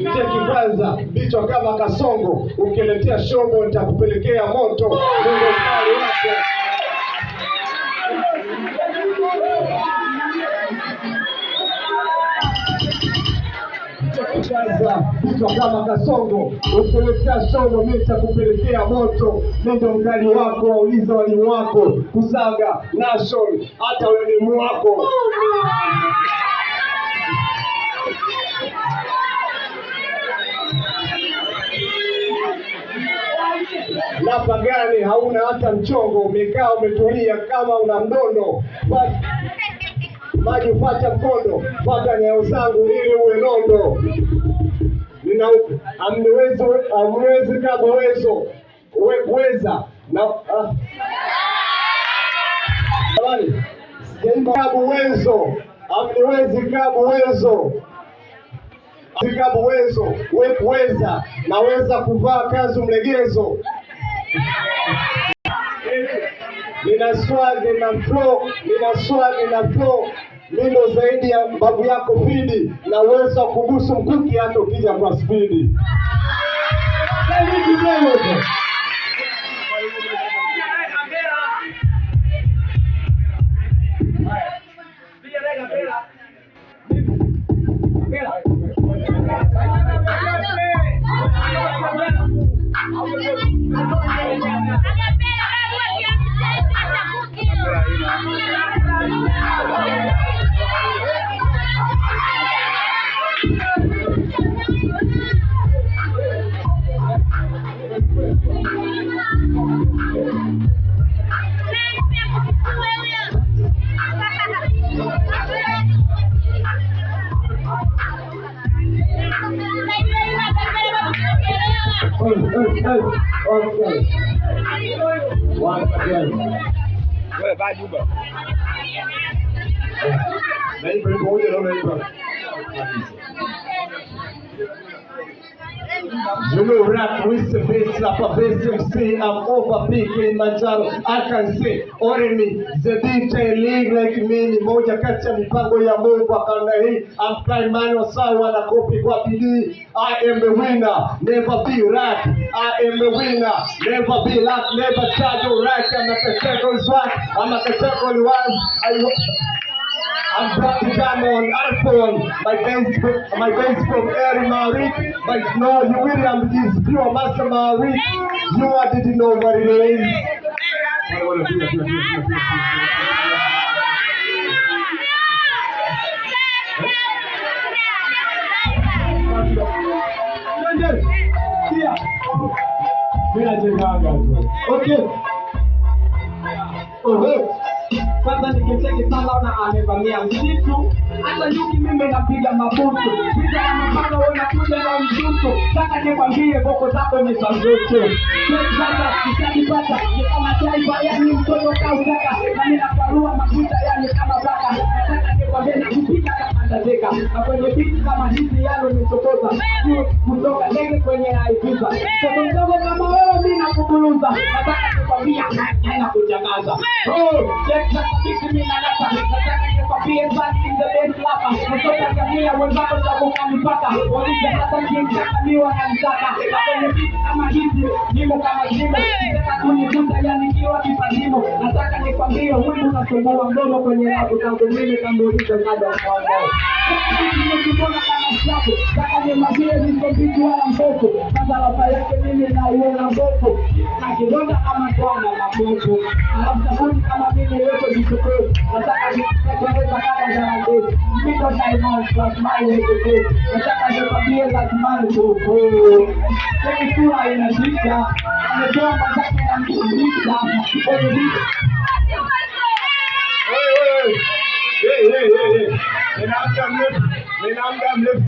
Mzee Kibwenza vichwa kama kasongo, ukiletea shombo nitakupelekea moto. Mungu mkali kama kasongo, ukiletea shobo mimi nitakupelekea moto. Nendo mkali wako, wauliza walimu wako kusaga Nashon, hata walimu wako na gani hauna hata mchongo, umekaa umetulia kama una mdondo maji upata mkondo, pata nyayo zangu ili uwe nondo. Nina amwezi kama wezo weza na ah. kama wezo amniwezi kama wezo sikabu wezo wepweza naweza kuvaa kanzu mlegezo nina swali nina flow nina swali nina flow nilo zaidi ya babu yako pidi na uwezo wa kugusu mkuki hata ukija kwa spidi 喂，八九本。没人投也能没分。You will rap with the bass, a bass MC. I'm over peak in Manjaro. I can see only the DJ league like me. Ni moja kati ya mipango ya Mungu wa kanda hii. I'm prime man wa sawa na kopi kwa bidii. I am the winner, never be rap. I am the winner, never be rap. never charge your rap. I'm a second one. I'm a second one. I and Dr. on iPhone. my Facebook, my Facebook Eri Marik, but no, you William is pure Master Marie. You are didn't know what it is. Okay. Oh, kwanza nimecheki sana, na amevamia msitu, hata yuki mimi napiga mabutu, vita ya mapanga wewe unakuja na mjuto. Sasa nikwambie boko zako ni za mzoto, sasa usanipata ni kama taifa, yani mtoto kautaka nami naparua makuta inahitajika, na kwenye biti kama hizi yalo imechokoza kutoka ndege kwenye aigiza mtoto mdogo kama wewe, mimi nakuburuza, nataka kukwambia oh, na kuchangaza kama hizi kama akikwambia wewe unafungua mdomo kwenye rabu zangu mimi tambulisho nada mwanao kiona kana shako ni mazile zilizopitwa na soko sasa baba yake mimi naiona soko na kidonda kama twana na moto alafu tafuni kama mimi yote zichukue nataka zikuweza kama zangu niko saimon kwa smile hiyo nataka zikwambie za kimani tu kwa hiyo sura inashika ametoa mataka Hey, hey, hey, hey. Hey, hey, hey, hey. Lên Nam Cam lên. Lên Nam Cam lên.